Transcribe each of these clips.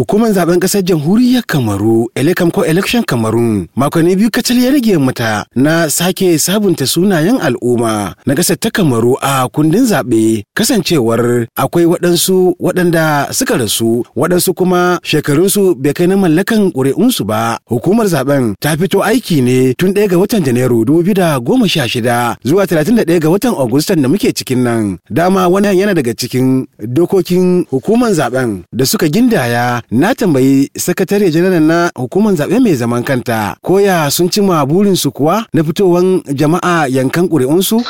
hukumar zaben kasar jamhuriyar kamaru elekam ko election kamarun makonni biyu kacal ya rage mata na sake sabunta sunayen al'umma na kasar ta kamaru a kundin zaɓe kasancewar akwai waɗansu waɗanda suka rasu waɗansu kuma shekarunsu bai kai na mallakan ƙuri'unsu ba hukumar zaben ta fito aiki ne tun ɗaya ga watan janairu dubu da goma sha shida zuwa talatin da ɗaya ga watan agustan da muke cikin nan dama wannan yana daga cikin dokokin hukumar zaben da suka gindaya na tambayi sakatare janaral na hukumar zaɓe mai zaman kanta koya sun cima burinsu kuwa na fitowar jama'a yankan ƙuri'unsu?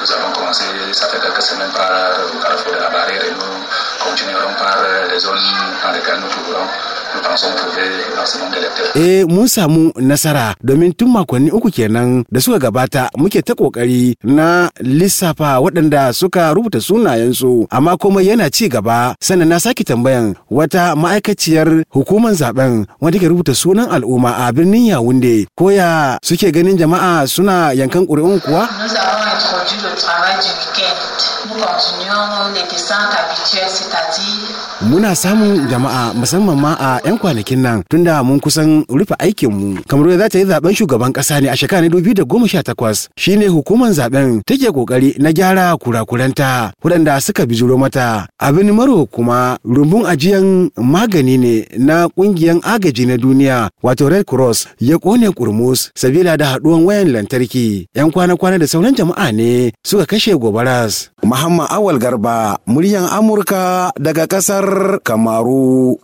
Eh mun samu nasara domin tun makonni uku kenan da suka gabata muke ta kokari na lissafa waɗanda suka rubuta sunayensu amma komai yana ci gaba sannan na sake tambayan wata ma'aikaciyar hukumar zaben wanda ke rubuta sunan al'umma a birnin Yawunde koya suke ganin jama'a suna yankan ƙuri'un kuwa? aujourd'hui le travail du week-end. Nous continuons les descentes habituelles, c'est-à-dire. Muna samun jama'a musamman ma a 'yan kwanakin nan tunda mun kusan rufe aikinmu. Kamaru za ta yi zaben shugaban ƙasa ne a shekara na takwas shine hukumar zaben take kokari na gyara kurakuranta waɗanda suka bijiro mata. Abin maro kuma rumbun ajiyan magani ne na ƙungiyar agaji na duniya wato Red Cross ya kone kurmus sabila da haɗuwan wayan lantarki 'yan kwana-kwana da sauran jama'a ne ne suka kashe gobaras. Muhammad Awal Garba, muryan Amurka daga ƙasar Kamaru.